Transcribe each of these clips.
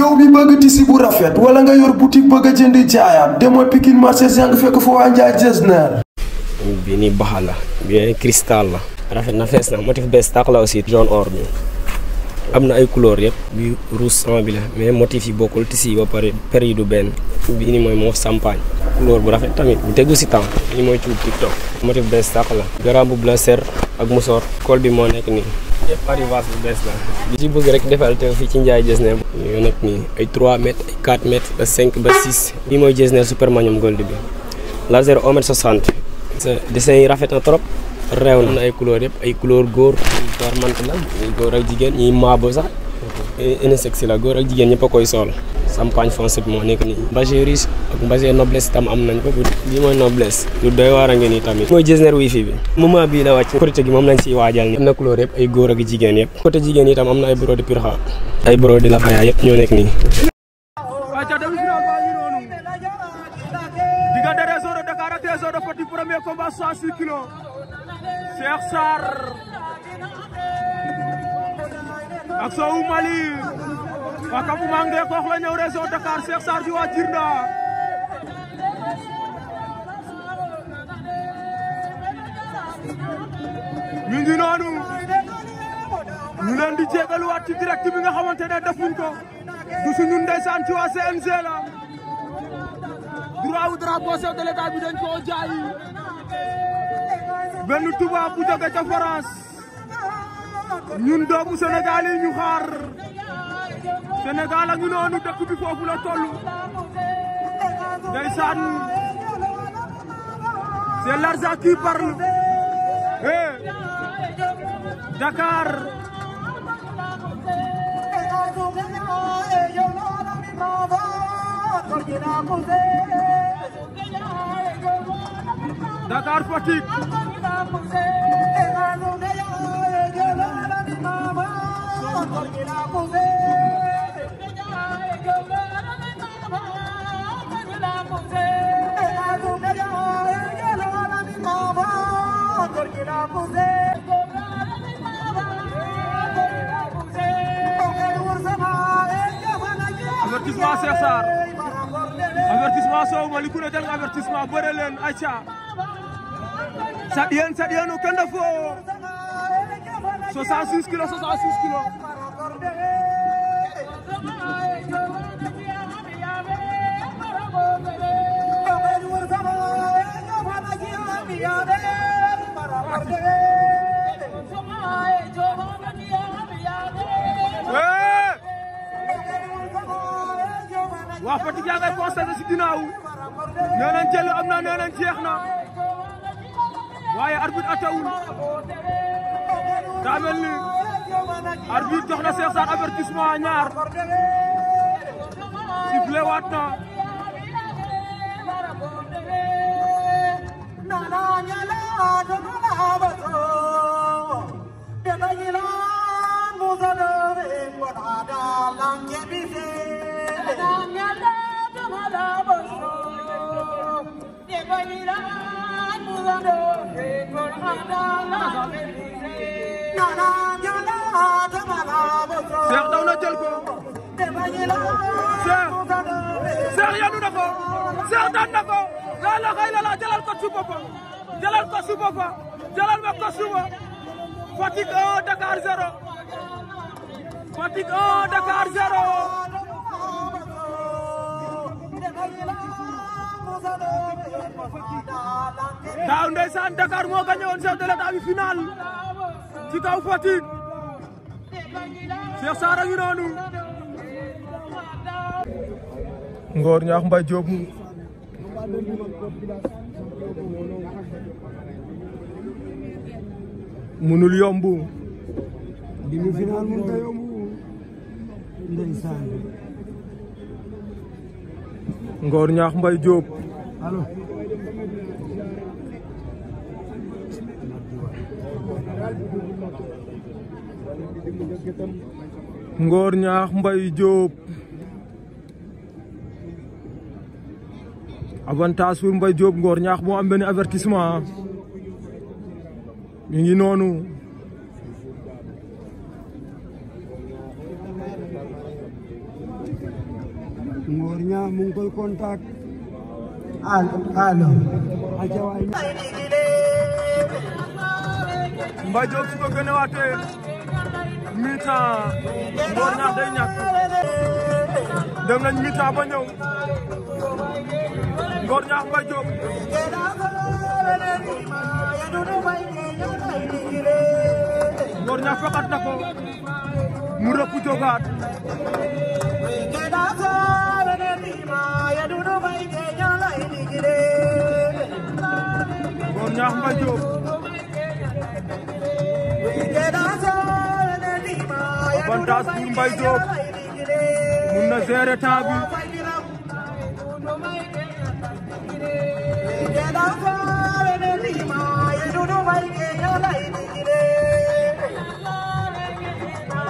yow bi bëgg tissu bu rafet wala nga yor boutique bëgg jënd jënd jaayaat demoo pikin marché Zinc fekk fo waa Ndiaye Jesner. bii nii baxa la cristal la. rafet na fess na motif bes tàq la aussi. jaune or bi amna ay couleur yëpp. bi rouge sang bi la mais motif yi bokul tissu yi ba paré période du ben bi ni moy mo champagne. couleur bu rafet tamit bu tegu ci temps. ni moy ci tiktok. motif bes tàq la. garam bu blaser ak musor col bi mo nek ni arrivage bu bees li ci bëgg rek defal te fii ci Ndiaye Getzner. ñu nag nii ay 3 mètres ay 4 mètres ba 5 ba 6. bii mooy Getzner Supermanium Gold bi laser 1 mètre 60. sa yi rafet na trop. reew na ay couleur yëpp ay couleur góor. góor la ñuy góor jigéen ñuy maabo sax. unisexe eh, la góor ak jigen ñepp koy sol champagne français mo nek ni nii ak mbagé noblesse tam am nañ ko li moy noblesse du doy waar a ni tamit moy designer wifi bi moment bi la wacc côté gi mom lañ ci wajal ni am na couleur yëpp ay góor ak jigen yëpp côté jigen yi tam amna na ay brode purha ay brode la faya yëpp ñoo nek ni diggante réseau de Dakar ak réseau de premier combat 106 kilos Cheikh Sarr ak soowu Mali waa Kabu Mangé koox la ñëw région Dakar Cheikh Sarr di Jirnda ñu ngi noonu ñu leen di jégaluwaat ci direct bi nga xamante defuñ ko du suñu ndeysaan ci waa CNG la droit drapeau chef de l'état bi dañ bu ca France ñun doomu Sénégal yi ñu xaar Sénégal a ngi noonu dëkk bi foofu la toll ndeysaan c'est l'argent qui parle eh Dakar Dakar Fatick avertissement Cheikh Sarr avertissement Sow Malikunda jal nga avertissement bëre leen acca saɗiyen saɗiyenu kende fo 66 kilos 66 kilos waa Fatick yaa ngay constaté si ginnaaw nee nañ jël am na nee nañ na waaye arbitre atawul daa mel ni arbitre jox na Cheikh Sarr avertissement ñaar sifflé waat na hangi bizim? Adam yardım hala boşum. Ne bayılan bulanır. Rekor adalar bize. Adam yardım hala boşum. Serh daw na jël ko. Ne bayılan bulanır. Serh yanu na ko. Serh daan na ko. La la xay la la jëlal ko ci boppam. Jëlal ko ci boppam. Jëlal ma ko suba. Fatick 1 Dakar 0. Fatick oh, Dakar Zero. daaw Desa Dakar mau gagné woon chef de final ci kaw Fatick Cheikh Sarr a ngi final mun Ngor ñax Mbay job allo Ngor ñax Mbay job avantage pour Mbay job Ngor ñax moo am ben avertissement ngi mu ngi koy contact allo allo aca waay Mbadiop su mi-temps Ngor Niakh day ñàkk mi-temps ba ñëw Ngor Niakh Mbadiop Ngor na ko mu rëpp jógaat ñax ma jóob avantage pour Mbaye Diop mun na gérer temps bi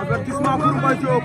avertissement pour Mbaye Diop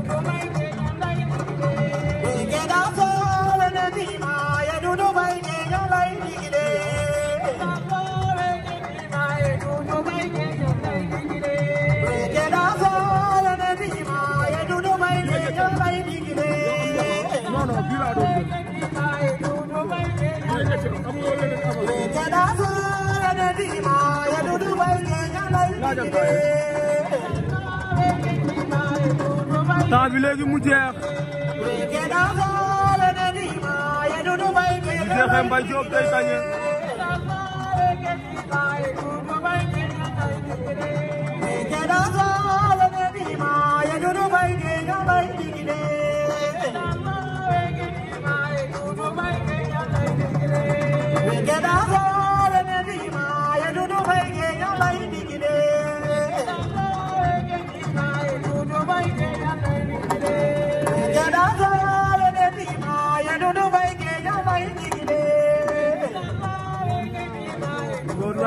Tā bi léegi mu jeex bu jeexee Mbaye Diop day Get out of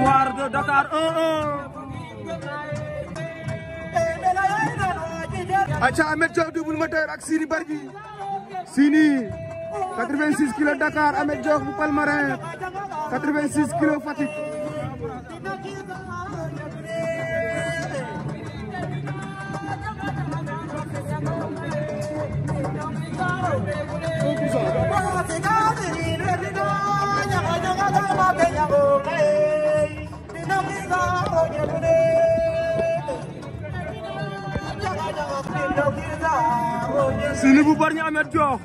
victoire datar, Dakar 1-1. Acha Ahmed Diop double moteur Sini Bargui Sini 86 Dakar Ahmed Diop bu Palmarin 86 kilo Fatih. Sini bu barñi Amet Jox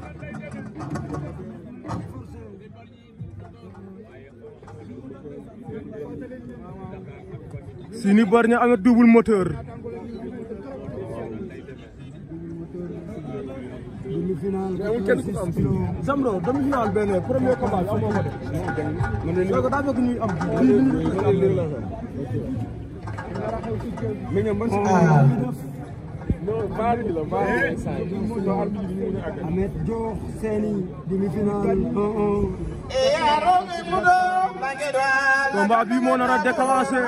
Sini barñi Amet double moteur final. amul kenn ku am fii Zambro demi final benn premier combat bi amoo ko de. donc daa fekk ñuy am. mais ñoom man si. non baari bi la baari la. Ahmed Dior Seny demi final 1-1. combat bi moo nar a déclenché.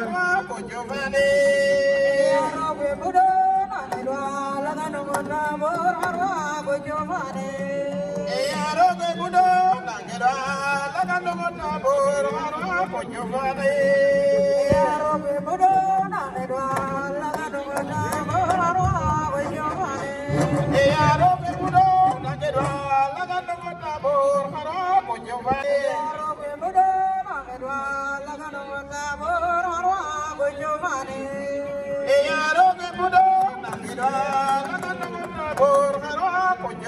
danu mudra mura ra gujumane. Eyaro de gudo nangera laganu mudra mura ra gujumane. Eyaro de gudo nangera laganu mudra mura ra gujumane. Eyaro de gudo nangera laganu mudra mura ra gujumane. Eyaro de gudo nangera laganu mudra mura ra gujumane.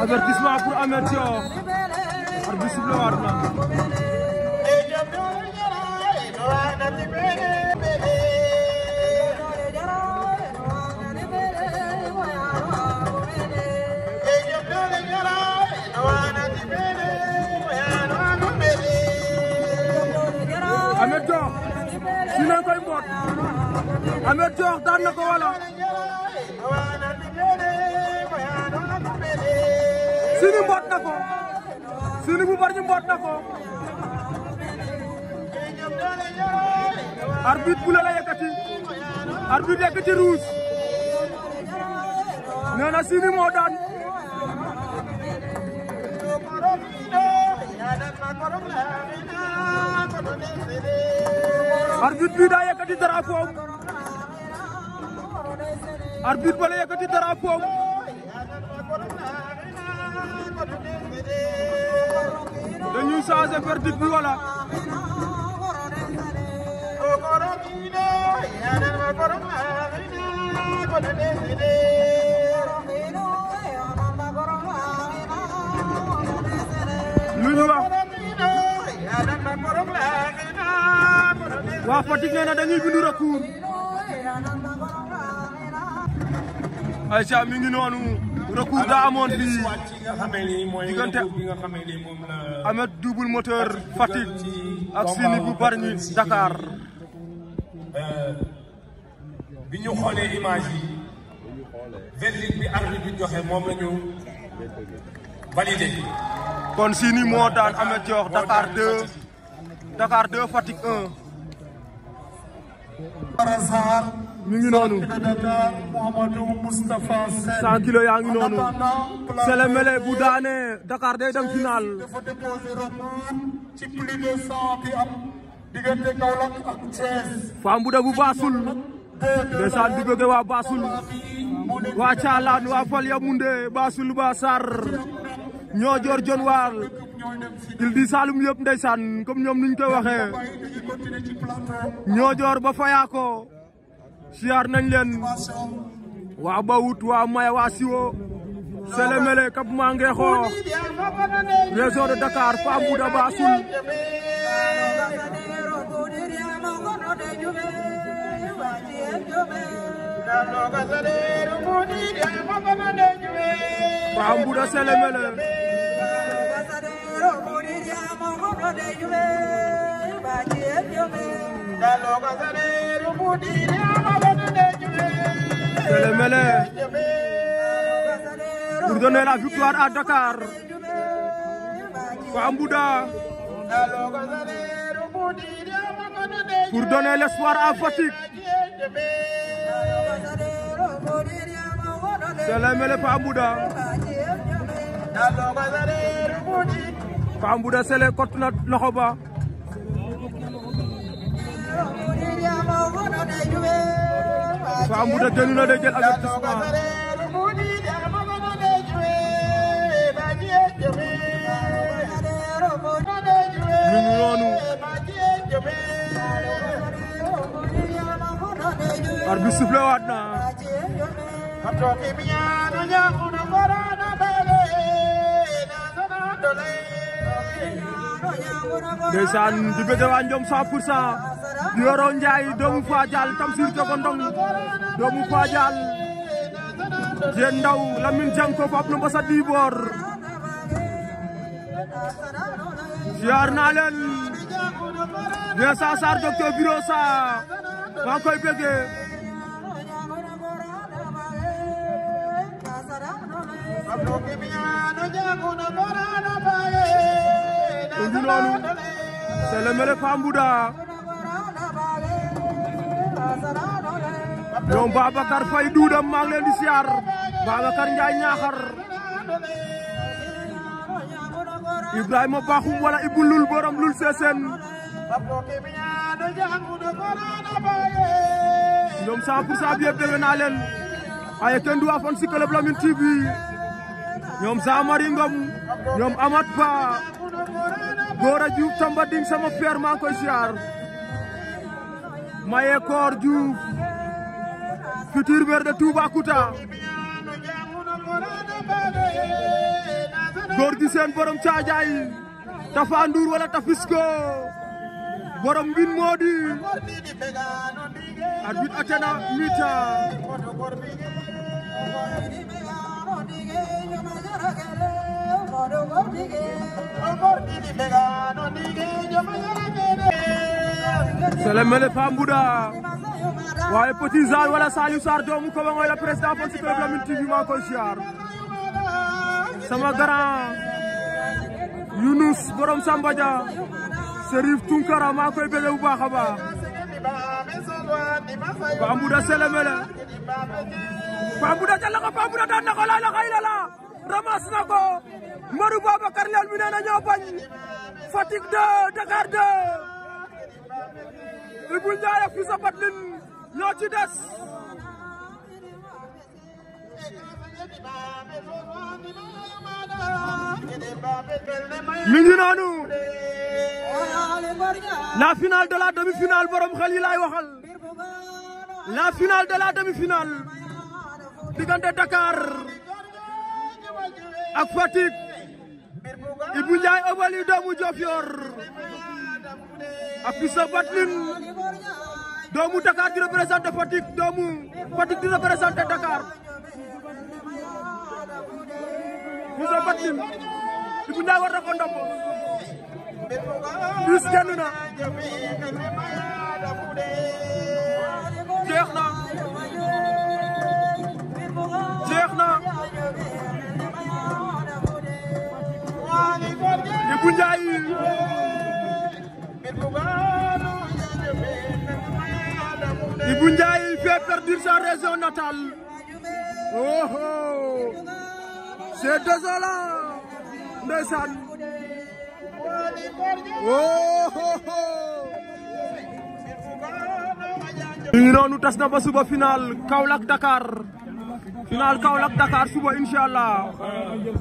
avertissement pour avertir arbitre bi siflé waat na Dior Sine koy mboot Ameth Dior daan na ko wala Sine mboot na ko Sine bu bari mboot na ko arbitre bu la la yëkkati arbitre yëkkati rouge nee na Sine moo daan Arjun बिना एकटी तरफ अर्जुन बोले एकटी तरफ dañuy changer verdict bi wala ko ko waa Fatick nee na dañuy bindu recours Aïcha mi ngi noonu recours daa amoon fii diggante Amet double moteur Fatick ak Sini bu Bargny Dakar bi ñu xoolee image yi verdict bi arbitre bi joxe moom la ñu validé kon Sini moo daan Amet Dior Dakar 2 Dakar 2 Fatick 1 Barazan ñu ngi noonu bu daane Dakar day dem final dafa bu da bu Bassoul ndeysaan di bëgg waa Bassoul waa Thialane waa Falyamounde Bassoul Bassar ñoo jor jon il di Saalum yëpp ndeysaan comme ñoom nuñ koy waxee ñoo joor ba fayaako siyaar nañ leen waa Bawut waa Maya waa Siwo Selemele Cap Manguekho région de Dakar Pape Bouda Bassoul Pape Bouda Selemele Mele Mele pour donner la victoire à Dakar Fambouda pour donner l'espoir à Fatick Mele Mele Fambouda Kambuda Sele kott na loxo ba da tenu na de jël avertissement ñu ar bi soufflé waat na Kambuda ndeysaan di bëgg waa Njom 100 pour cent di Yoro Ndiaye doomu Fadial Tamsir Jogo Ndong doomu Fadial Dieng Ndao Lamine Janko Pape Lomba sa Dibor ziar naa leen bien saa saar docteur Biro saa maa koy bëggee Abdou Kibiano Janko na mu ngi noonu Sélé Fambouda ñoom Duda maa ngi leen di siyaar Babacar Ndiaye Ñaaxar Ibrahima Bakhoum wala Ibou borom Lul Sessène ñoom 100 pour cent club TV ñoom Samari Ngom ñoom amat pa. Gora Diouf Tamba Ding sama père ma ngi koy siyaar Maye kor Diouf futur maire de Toubacouta gor di sen borom caajaay Tafa Ndour wala Tafisko borom mbin moo di atena mita Selemele Pambouda waaye Petit Sarr wala Saliou Sarr doomu ko wala président Fox Club Lamyn TV maa koy sama grand Younous borom Samba Dia Tunkara maa koy bëgg bu baax Selemele Pambouda jàll na ko Pambouda la xay ramas na Modou Babacar Léone mi nee na bañ Fatick 2 Dakar 2 Ibou Ndiaye ak Fils Batlin ñoo ci des mi ngi la finale de la demi-finale borom xel yi waxal la finale de la demi-finale diggante Dakar ak Fatick Ibou Ndiaye Obali doomu Diofior ak Fils Batlin doomu Dakar di représenté Fatick doomu Fatick di représenté Dakar Fils Batlin Ibou Ndiaye war na ko ndombo Fils génn na jeex Natal oh oh c'est désolant ndeysaan oh oh oh. ñu ngi noonu tas na ba suba final Kaolack Dakar final Kaolack Dakar suba incha allah.